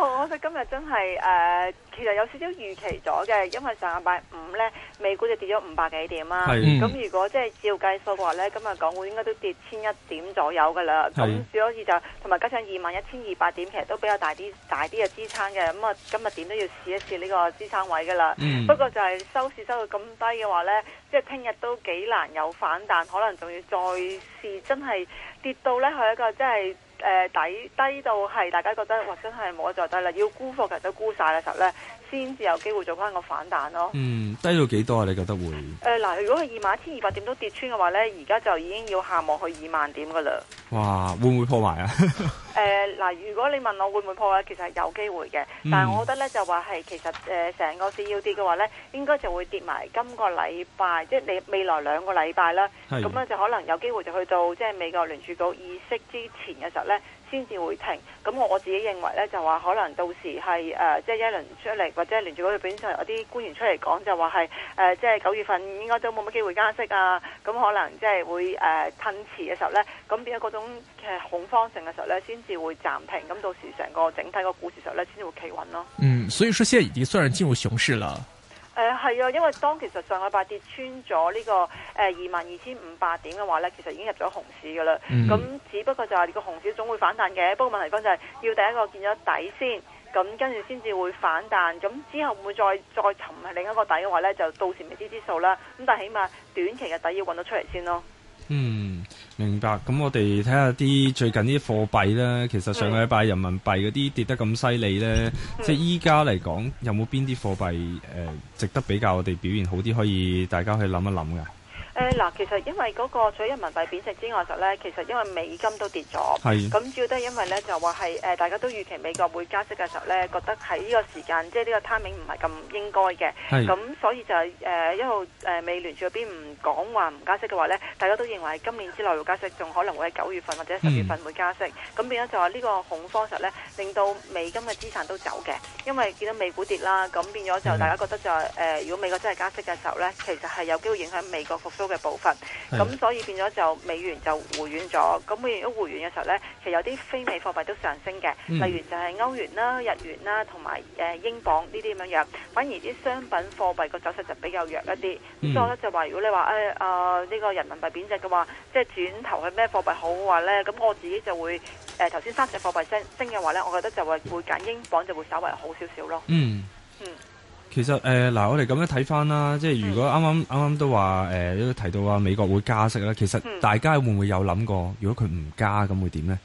我哋今日真係誒、呃，其實有少少預期咗嘅，因為上個禮拜五呢，美股就跌咗五百幾點啦。咁是如果即係照計數嘅話呢，今日港股應該都跌千一點左右㗎喇。咁只可以就同埋加上二萬一千二百點，其實都比較大啲大啲嘅支撐嘅。咁啊，今日點都要試一試呢個支撐位㗎喇。嗯、不過就係收市收到咁低嘅話呢，即係聽日都幾難有反彈，可能仲要再試，真係跌到呢，係一個真係。誒，底、呃、低，低到係大家覺得哇，真係冇得再低啦！要沽貨人都沽晒嘅時候咧。先至有機會做翻個反彈咯。嗯，低到幾多啊？你覺得會？誒嗱、呃，如果係二萬一千二百點都跌穿嘅話咧，而家就已經要下望去二萬點噶啦。哇！會唔會破壞啊？誒 嗱、呃呃，如果你問我會唔會破壞，其實係有機會嘅。嗯、但係我覺得咧，就話係其實誒成、呃、個市要跌嘅話咧，應該就會跌埋今個禮拜，即係你未來兩個禮拜啦。咁咧是就可能有機會就去到即係美國聯儲局議息之前嘅時候咧。先至會停，咁我我自己認為咧就話可能到時係誒，即、呃、係、就是、一輪出嚟，或者聯住嗰度邊上有啲官員出嚟講，就話係誒，即係九月份應該都冇乜機會加息啊，咁可能即係會誒褪遲嘅時候咧，咁變咗嗰種嘅恐慌性嘅時候咧，先至會暫停，咁到時成個整體個股市上咧先至會企穩咯。嗯，所以說現在已經算是進入熊市啦。誒係啊，因為當其實上個八跌穿咗呢個誒二萬二千五百點嘅話呢，其實已經入咗熊市嘅啦。咁只不過就係個熊市總會反彈嘅，不過問題講就係要第一個見咗底先，咁跟住先至會反彈。咁之後會唔會再再沉係另一個底嘅話呢，就到時未知之數啦。咁但係起碼短期嘅底要揾到出嚟先咯。嗯。 明白，咁我哋睇下啲最近啲貨幣咧，其實上個禮拜人民幣嗰啲跌得咁犀利咧， 即係依家嚟講有冇邊啲貨幣誒、呃、值得比較我哋表現好啲，可以大家去諗一諗嘅。嗱、呃，其實因為嗰個除咗人民幣貶值之外，實咧其實因為美金都跌咗，咁是主要都係因為咧就話係誒大家都預期美國會加息嘅時候咧，覺得喺呢個時間即係呢個 timing 唔係咁應該嘅，咁是所以就誒、呃、一路誒、呃、美聯儲嗰邊唔講話唔加息嘅話咧，大家都認為今年之內要加息，仲可能會喺九月份或者十月份會加息，咁、嗯、變咗就話呢個恐慌實咧令到美金嘅資產都走嘅，因為見到美股跌啦，咁變咗就、嗯、大家覺得就係誒、呃、如果美國真係加息嘅時候咧，其實係有機會影響美國復甦。嘅部分，咁所以變咗就美元就回軟咗。咁美元一回軟嘅時候呢，其實有啲非美貨幣都上升嘅，嗯、例如就係歐元啦、日元啦，同埋誒英鎊呢啲咁樣樣。反而啲商品貨幣個走勢就比較弱一啲。嗯、所以我呢就話，如果你話誒啊呢個人民幣貶值嘅話，即係轉頭去咩貨幣好嘅話呢，咁我自己就會誒頭先三隻貨幣升升嘅話呢，我覺得就話會揀英鎊就會稍為好少少咯。嗯。嗯。其實誒嗱、呃，我哋咁樣睇翻啦，即係如果啱啱啱啱都話誒都提到話美國會加息啦，其實大家會唔會有諗過，如果佢唔加咁會點咧？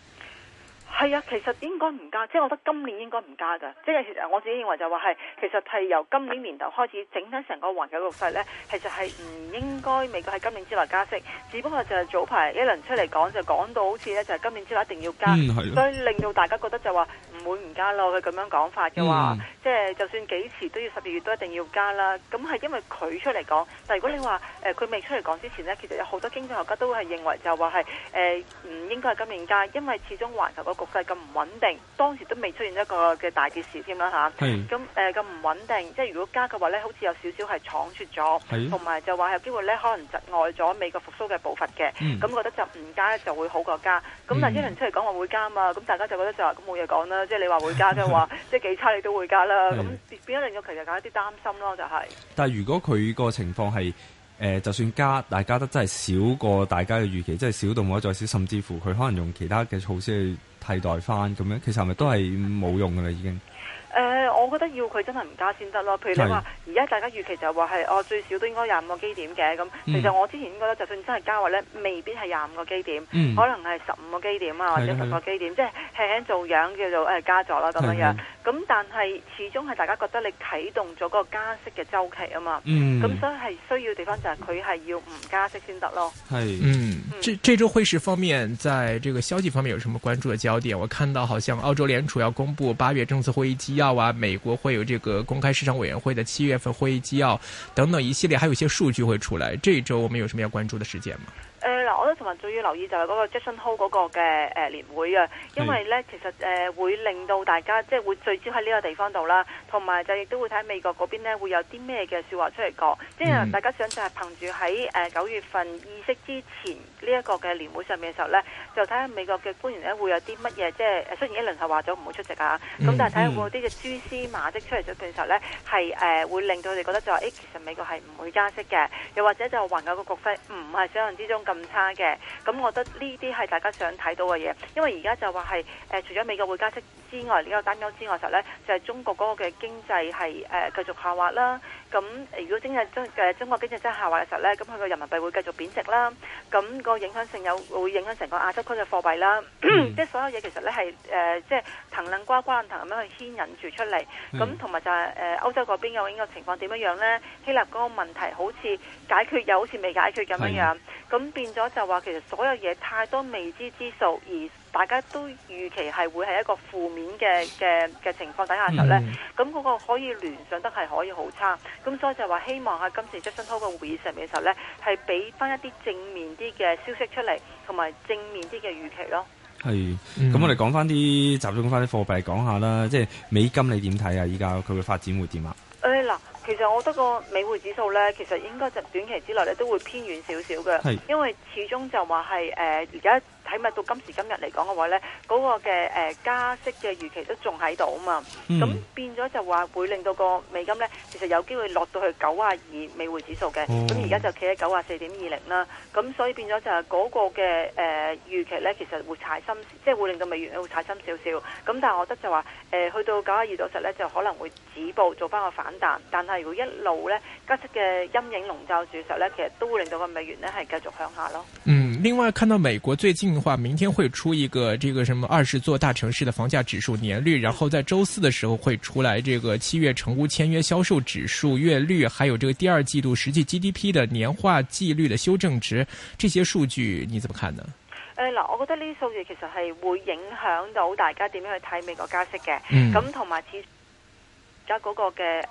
係啊，其實應該唔加，即係我覺得今年應該唔加㗎。即係其實我自己認為就話係，其實係由今年年頭開始整體成個環球局勢咧，其實係唔應該美國喺今年之內加息。只不過就係早排一輪出嚟講就講到好似咧就係今年之內一定要加，嗯、所以令到大家覺得就話唔會唔加咯。佢咁樣講法嘅話，即係、嗯、就，就算幾遲都要十二月都一定要加啦。咁係因為佢出嚟講，但係如果你話誒佢未出嚟講之前呢，其實有好多經濟學家都係認為就話係誒唔應該係今年加，因為始終環球個局。就係咁唔穩定，當時都未出現一個嘅大件事添啦吓，咁誒咁唔穩定，即係如果加嘅話咧，好似有少少係闖出咗，同埋、啊、就話有機會咧，可能窒礙咗美國復甦嘅步伐嘅。咁、嗯、覺得就唔加就會好過加。咁但係一輪出嚟講話會加啊嘛，咁大家就覺得就話咁冇嘢講啦。即係你話會加即嘅話， 即係幾差你都會加啦。咁是變咗另一個其實有一啲擔心咯，就係、是。但係如果佢個情況係。誒、呃，就算加，大加得真係少過大家嘅預期，即係少到冇得再少，甚至乎佢可能用其他嘅措施去替代返咁樣，其實係咪都係冇用㗎啦已經？誒、呃，我覺得要佢真係唔加先得咯。譬如你話，而家是大家預期就係話係，最少都應該廿五個基點嘅咁。嗯、其實我之前覺得，就算真係加話咧，未必係廿五個基點，嗯、可能係十五個基點啊，或者十個基點，的即係輕輕做樣叫做誒、呃、加咗啦咁樣樣。咁的、嗯、但係，始終係大家覺得你啟動咗個加息嘅周期啊嘛。咁、嗯、所以係需要地方就係佢係要唔加息先得咯。係，嗯，的嗯這這周會事方面，在這個消息方面，有什麼關注嘅焦點？我看到好像澳洲聯儲要公布八月政策會議紀到啊，美國會有這個公開市場委員會的七月份會議紀要，等等一系列，還有一些數據會出來。這一周我們有什麼要關注的事件嗎？誒嗱、呃，我都同埋最要留意就係嗰個 Jackson Hole 嗰個嘅誒年會啊，因為咧其實誒、呃、會令到大家即係會聚焦喺呢個地方度啦，同埋就亦都會睇美國嗰邊咧會有啲咩嘅説話出嚟講，即係大家想就係憑住喺誒九月份議息之前呢一個嘅年會上面嘅時候咧，就睇下美國嘅官員咧會有啲乜嘢即係雖然一輪係話咗唔會出席啊，咁、嗯嗯嗯、但係睇下會有啲嘅蛛絲馬跡出嚟咗嘅時候咧，係誒、呃、會令到你哋覺得就係誒其實美國係唔會加息嘅，又或者就係環球嘅局勢唔係想象之中咁。唔差嘅，咁我覺得呢啲係大家想睇到嘅嘢，因為而家就話係誒，除咗美國會加息外之外，呢個擔憂之外嘅時候就係中國嗰個嘅經濟係誒、呃、繼續下滑啦。咁如果經濟真嘅中國經濟真係下滑嘅時候呢，咁佢個人民幣會繼續貶值啦。咁個影響性又會影響成個亞洲區嘅貨幣啦。即係、嗯就是、所有嘢其實呢係誒，即係藤捻瓜瓜捻藤咁樣去牽引住出嚟。咁同埋就係、是、誒、呃、歐洲嗰邊有呢個情況點樣樣呢？希臘嗰個問題好似解決又好似未解決咁樣樣。咁的變咗就話其實所有嘢太多未知之數而。大家都預期係會係一個負面嘅嘅嘅情況底下嘅時候咧，咁嗰、嗯、個可以聯想得係可以好差，咁所以就話希望喺、啊、今次 Jackson 嗰個會議上面嘅時候咧，係俾翻一啲正面啲嘅消息出嚟，同埋正面啲嘅預期咯。係，咁、嗯、我哋講翻啲集中翻啲貨幣講下啦，即係美金你點睇啊？依家佢嘅發展會點啊？誒嗱，其實我覺得個美匯指數咧，其實應該就短期之內咧都會偏軟少少嘅，的因為始終就話係誒而家。呃喺咪到今時今日嚟講嘅話咧，嗰、那個嘅誒、呃、加息嘅預期都仲喺度啊嘛，咁、嗯、變咗就話會令到個美金咧，其實有機會落到去九啊二美匯指數嘅，咁而家就企喺九啊四點二零啦，咁所以變咗就係嗰個嘅誒、呃、預期咧，其實會踩深，即係會令到美元會踩深少少。咁但係我覺得就話誒、呃、去到九啊二度時候咧，就可能會止步做返個反彈，但係如果一路咧加息嘅陰影籠罩住時候咧，其實都會令到個美元咧係繼續向下咯。嗯另外，看到美國最近嘅話，明天會出一個這個什麼二十座大城市的房價指數年率，然後在周四的時候會出來這個七月成屋簽約銷售指數月率，還有這個第二季度實際 GDP 的年化季率的修正值，這些數據你怎麼看呢？誒嗱、嗯，我覺得呢啲數據其實係會影響到大家點樣去睇美國加息嘅，咁同埋指。而家嗰個嘅誒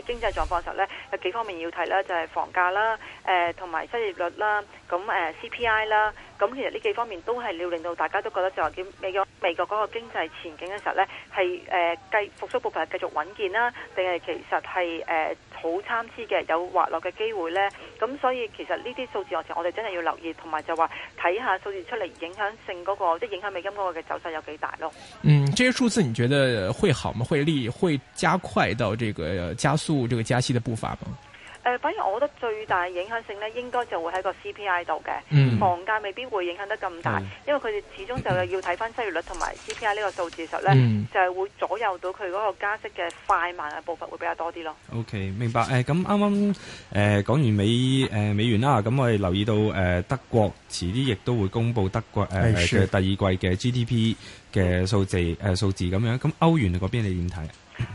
誒經濟狀況嘅時候咧，有幾方面要睇啦，就係、是、房價啦，誒同埋失業率啦，咁誒、呃、CPI 啦，咁其實呢幾方面都係要令到大家都覺得就係話美國美國嗰個經濟前景嘅時候咧，係誒繼復甦步伐係繼續穩健啦，定係其實係誒。呃好參差嘅有滑落嘅機會呢。咁所以其實呢啲數字我哋我哋真係要留意，同埋就話睇下數字出嚟影響性嗰個，即影響美金嗰個嘅走勢有幾大咯。嗯，這些數字，你覺得會好嗎？會利？會加快到這個加速這個加息的步伐嗎？誒，反而我覺得最大影響性咧，應該就會喺個 CPI 度嘅，嗯、房價未必會影響得咁大，嗯、因為佢哋始終就要睇返失業率同埋 CPI 呢個數字實咧，嗯、就係會左右到佢嗰個加息嘅快慢嘅步伐會比較多啲咯。OK，明白。誒、呃，咁啱啱誒講完美誒、呃、美元啦，咁我哋留意到誒、呃、德國遲啲亦都會公布德國誒、呃、Ay, sure. 第二季嘅 GDP 嘅數字誒、呃、數字咁樣，咁歐元嗰邊你點睇？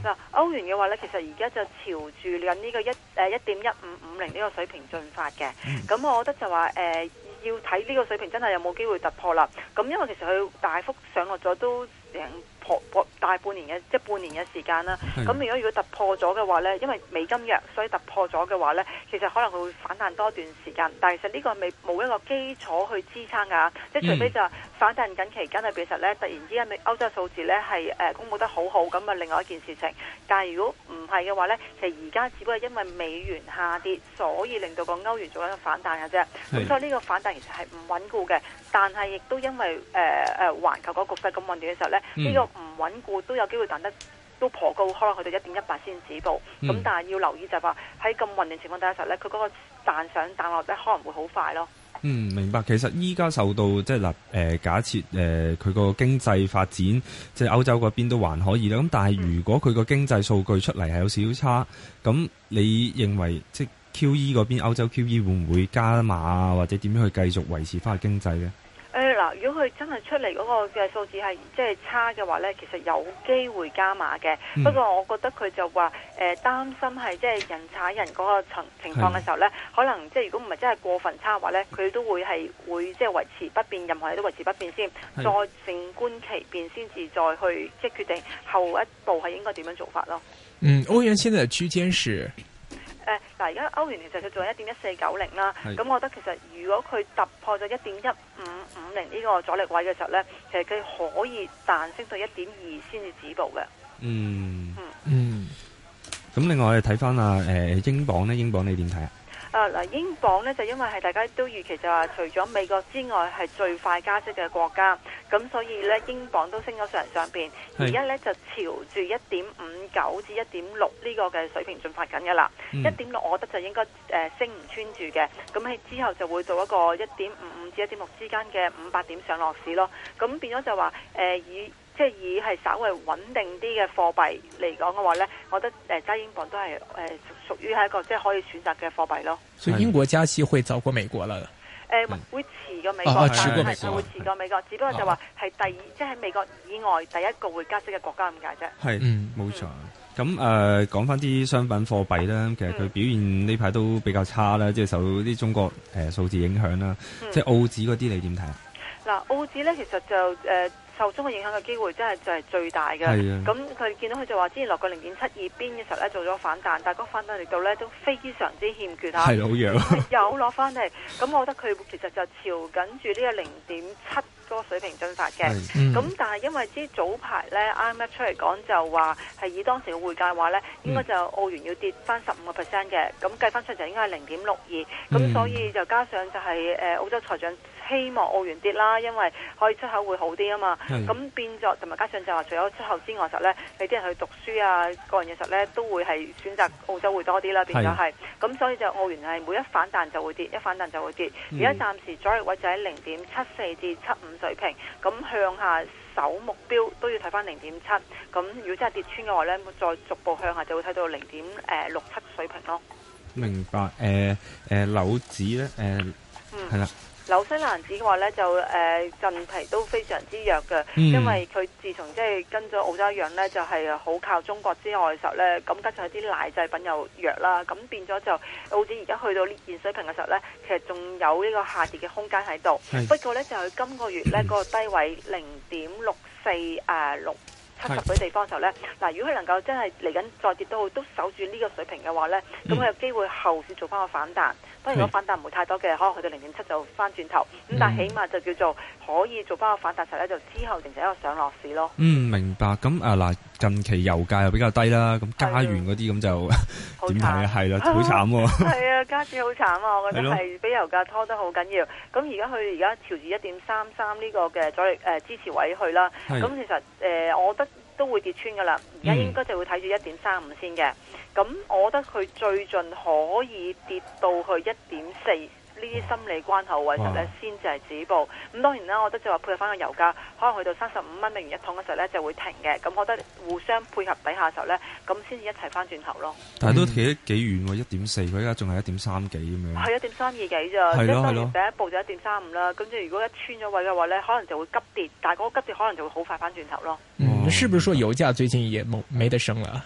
嗱，歐元嘅話咧，其實而家就朝住緊呢個一誒一點一五五零呢個水平進發嘅，咁我覺得就話、是、誒、呃、要睇呢個水平真係有冇機會突破啦。咁因為其實佢大幅上落咗都。破破大半年嘅即係半年嘅時間啦。咁如果如果突破咗嘅話咧，因為美金弱，所以突破咗嘅話咧，其實可能佢會反彈多段時間。但係其，其實呢個未冇一個基礎去支撐㗎，即係除非就反彈緊期間，係其實咧突然之間美歐洲嘅數字咧係誒公布得好好，咁啊另外一件事情。但係如果唔係嘅話咧，其實而家只不過係因為美元下跌，所以令到個歐元做緊個反彈嘅啫。咁的所以呢個反彈其實係唔穩固嘅。但係亦都因為誒誒環球嗰個局勢咁混亂嘅時候咧。呢、嗯、個唔穩固都有機會彈得都頗高，可能去到一點一八先止步。咁、嗯、但係要留意就係話喺咁混亂情況底下，實佢嗰個彈上彈落咧，可能會好快咯。嗯，明白。其實依家受到即係嗱誒，假設誒佢個經濟發展即係歐洲嗰邊都還可以啦。咁但係如果佢個經濟數據出嚟係有少少差，咁、嗯、你認為即係 QE 嗰邊歐洲 QE 會唔會加碼啊？或者點樣去繼續維持翻個經濟呢？嗱，如果佢真係出嚟嗰個嘅數字係即係差嘅話咧，其實有機會加碼嘅。嗯、不過我覺得佢就話誒擔心係即係人踩人嗰個情情況嘅時候咧，的可能即係如果唔係真係過分差嘅話咧，佢都會係會即係維持不變，任何嘢都維持不變先，再靜觀其變先至再去即係決定後一步係應該點樣做法咯。嗯，歐元現在嘅區間是。嗱，而家歐元其實佢仲喺一點一四九零啦，咁我覺得其實如果佢突破咗一點一五五零呢個阻力位嘅時候咧，其實佢可以彈升到一點二先至止步嘅。嗯嗯嗯，咁、嗯嗯、另外我哋睇翻啊，誒、呃，英鎊咧，英鎊你點睇啊？誒嗱、啊，英鎊咧就因為係大家都預期就話，除咗美國之外係最快加息嘅國家，咁所以咧英鎊都升咗上嚟上邊，而家咧就朝住一點五九至一點六呢個嘅水平進發緊嘅啦。一點六，我覺得就應該誒、呃、升唔穿住嘅，咁喺之後就會做一個一點五五至一點六之間嘅五百點上落市咯。咁變咗就話誒、呃、以。即係以係稍微穩定啲嘅貨幣嚟講嘅話咧，我覺得誒揸英鎊都係誒屬於係一個即係可以選擇嘅貨幣咯。所以英國加息會早過美國啦？誒會遲過美國，但係係會遲過美國，只不過就話係第二，即係喺美國以外第一個會加息嘅國家咁解啫。係，嗯，冇錯。咁誒講返啲商品貨幣咧，其實佢表現呢排都比較差啦，即係受啲中國誒數字影響啦。即係澳紙嗰啲你點睇啊？嗱，澳紙咧其實就誒。受中嘅影響嘅機會真係就係最大嘅。咁佢見到佢就話之前落過零點七二邊嘅時候咧做咗反彈，但係嗰反彈力度咧都非常之欠缺嚇。係，好弱。有攞翻嚟，咁我覺得佢其實就朝緊住呢個零點七個水平進發嘅。咁但係因為啲早排咧，IMF 出嚟講就話係以當時嘅匯價話咧，應該就澳元要跌翻十五個 percent 嘅。咁計翻出嚟就應該係零點六二。咁所以就加上就係誒澳洲財長。希望澳元跌啦，因為可以出口會好啲啊嘛。咁的變作同埋加上就話除咗出口之外，實咧，你啲人去讀書啊，個人嘅實咧都會係選擇澳洲會多啲啦，的變咗係咁，所以就澳元係每一反彈就會跌，一反彈就會跌。而家暫時阻力位就喺零點七四至七五水平，咁向下首目標都要睇翻零點七。咁如果真係跌穿嘅話咧，再逐步向下就會睇到零點誒六七水平咯。明白誒誒樓指咧誒係啦。呃呃紐西蘭子嘅話咧就誒近期都非常之弱嘅，嗯、因為佢自從即係跟咗澳洲一樣咧，就係、是、好靠中國之外嘅時候咧，咁加上啲奶製品又弱啦，咁、嗯、變咗就澳紙而家去到呢現水平嘅時候咧，其實仲有呢個下跌嘅空間喺度。是不過咧就佢、是、今個月咧、嗯、個低位零點六四誒六七十嗰啲地方嘅時候咧，嗱是、嗯、如果佢能夠真係嚟緊再跌到都，都守住呢個水平嘅話咧，咁佢有機會後市做翻個反彈。不過如果反彈唔會太多嘅，可能去到零點七就翻轉頭。咁、嗯、但係起碼就叫做可以做翻個反彈頭咧，就之後形成一個上落市咯。嗯，明白。咁啊嗱，近期油價又比較低啦，咁加元嗰啲咁就點啦？好的、 嗯、慘喎。係啊， 加元好慘啊！我覺得係俾油價拖得好緊要。咁而家佢而家朝住一點三三呢個嘅阻力誒、呃、支持位去啦。咁的其實誒、呃，我覺得。都會跌穿噶啦，而家應該就會睇住一點三五先嘅。咁、嗯、我覺得佢最盡可以跌到去一點四呢啲心理關口位嘅時候咧，哇先至係止步。咁當然啦，我覺得就係配合翻個油價，可能去到三十五蚊美元一桶嘅時候咧，就會停嘅。咁我覺得互相配合底下嘅時候咧，咁先至一齊翻轉頭咯。嗯、但係都企得幾遠喎，一點四佢而家仲係一點三幾咁樣。係一點三二幾咋？即係第一步就一點三五啦。咁即如果一穿咗位嘅話咧，可能就會急跌，但係嗰個急跌可能就會好快翻轉頭咯。嗯你、oh, 是不是說油價最近也冇沒得升啦、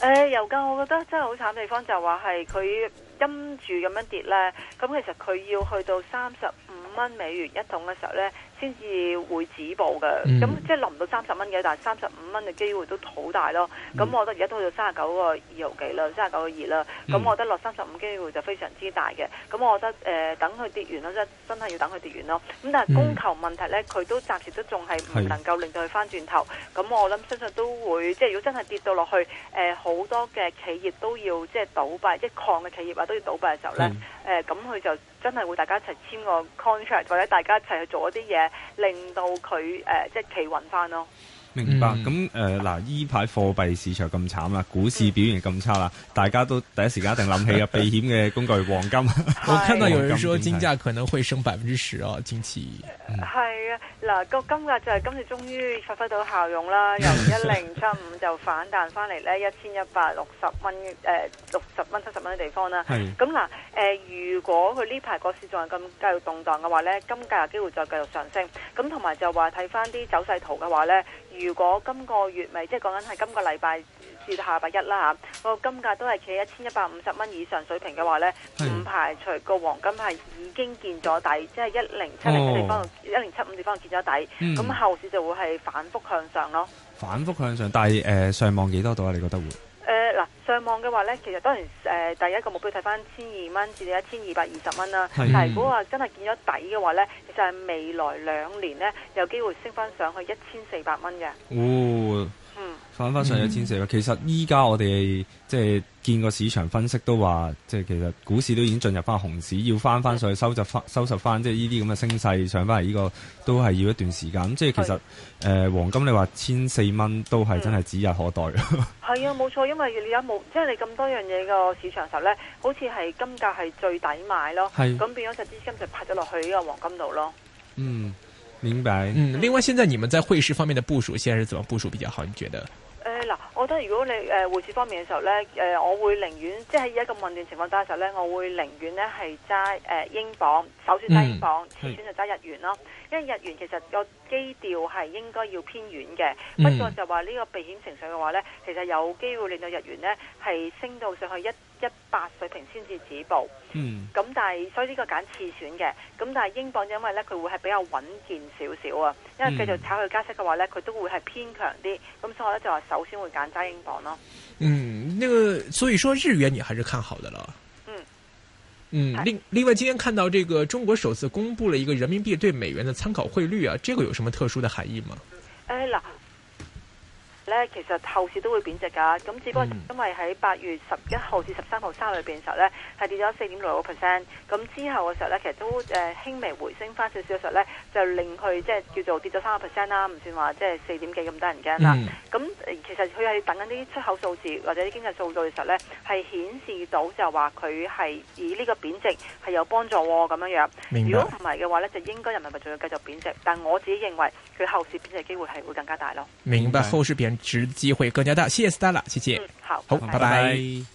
呃？油價我覺得真係好慘地方就話係佢陰住咁樣跌呢，咁、嗯、其實佢要去到三十五蚊美元一桶嘅時候呢。先至會止步嘅，咁即係落唔到三十蚊嘅，但係三十五蚊嘅機會都好大咯。咁 我覺得而家都去到三十九個二毫幾啦，三十九個二啦。咁我覺得落三十五機會就非常之大嘅。咁我覺得誒、呃，等佢跌，跌完咯，真真係要等佢跌完咯。咁但係供求問題咧，佢都暫時都仲係唔能夠令到佢翻轉頭。咁是、嗯、我諗相信都會，即係如果真係跌到落去，誒、呃、好多嘅企業都要即係倒閉，即係礦嘅企業啊都要倒閉嘅時候咧，誒咁佢就。真係會大家一齊簽個 contract，或者大家一齊去做一啲嘢，令到佢誒即係企穩翻咯。明白咁，誒，嗱，呢排貨幣市場咁慘啦，股市表現咁差啦，嗯、大家都第一時間一定諗起嘅 避險嘅工具黃金。 我聽到有人說金價可能會升百分之十哦，近期。係、嗯、啊，嗱、那個金價就係今次終於發揮到效用啦，由一零七五就反彈翻嚟呢一千一百六十蚊，誒六十蚊七十蚊嘅地方啦。咁嗱是，誒、呃、如果佢呢排個市仲係咁繼續動盪嘅話咧，金價有機會再繼續上升。咁同埋就話睇翻啲走勢圖嘅話咧。如果今個月咪即係講緊係今個禮拜至到下個禮拜一啦，嚇，個金價都係企喺一千一百五十蚊以上水平嘅話呢，唔是排除個黃金係已經見咗底，即係一零七零嘅地方，一零七五地方見咗底，咁、嗯、後市就會係反覆向上咯。反覆向上，但係、呃、上望幾多度啊？你覺得會？誒，嗱、呃，上望嘅話咧，其實當然，誒、呃，第一個目標睇翻，千二蚊至到一千二百二十蚊啦。但係、嗯、如果真話真係見咗底嘅話咧，其實係未來兩年咧，有機會升翻上去一千四百蚊嘅。哦翻翻上去千四，其實依家我哋即係見個市場分析都話，即係其實股市都已經進入翻熊市，要翻翻上去收集翻、收拾翻，即係呢啲咁嘅升勢上翻嚟呢個都係要一段時間。即係其實誒是、呃，黃金你話千四蚊都係真係指日可待。係、嗯、 啊，冇錯，因為有你有冇即係你咁多樣嘢個市場時候咧，好似係金價係最抵買咯。係咁是變咗就資金就拍咗落去呢個黃金度咯。嗯，明白。嗯，另外，現在你們在匯市方面的部署，現在係怎麼部署比較好？你覺得？誒嗱、呃，我覺得如果你誒匯市方面嘅時候咧，誒我會寧願即喺依家咁混亂情況底下嘅時候咧，我會寧願咧係揸誒英鎊，首先揸英鎊，次選就揸日元咯。因為日元其實個基調係應該要偏軟嘅，不過、嗯、就話呢個避險情緒嘅話呢，其實有機會令到日元呢係升到上去一一百水平先至止步。嗯，咁但係所以呢個揀次選嘅，咁但係英鎊因為呢，佢會係比較穩健少少啊，因為繼續炒佢加息嘅話呢，佢都會係偏強啲，咁所以我咧就話首先會揀揸英鎊咯。嗯，那個，所以說日元你還是看好的啦。嗯，另另外，今天看到這個中國首次公布了一個人民幣對美元的參考匯率啊，這個有什麼特殊的含義嗎？咧其實後市都會貶值㗎，咁只不過因為喺八月十一號至十三號三日入邊嘅時候咧，係、嗯、跌咗四點六個 percent，咁之後嘅時候咧，其實都誒輕、呃、微回升翻少少嘅時候咧，就令佢即係叫做跌咗三個 percent 啦，唔算話即係四點幾咁得人驚啦。咁、嗯嗯、其實佢係等緊啲出口數字或者啲經濟數據嘅時候咧，係顯示到就話佢係以呢個貶值係有幫助咁樣樣。明白。如果唔係嘅話咧，就應該人民幣仲要繼續貶值。但我自己認為佢後市貶值嘅機會係會更加大咯。明白後值機會更加大，謝謝 Stella 啦，謝謝、嗯，好，拜拜。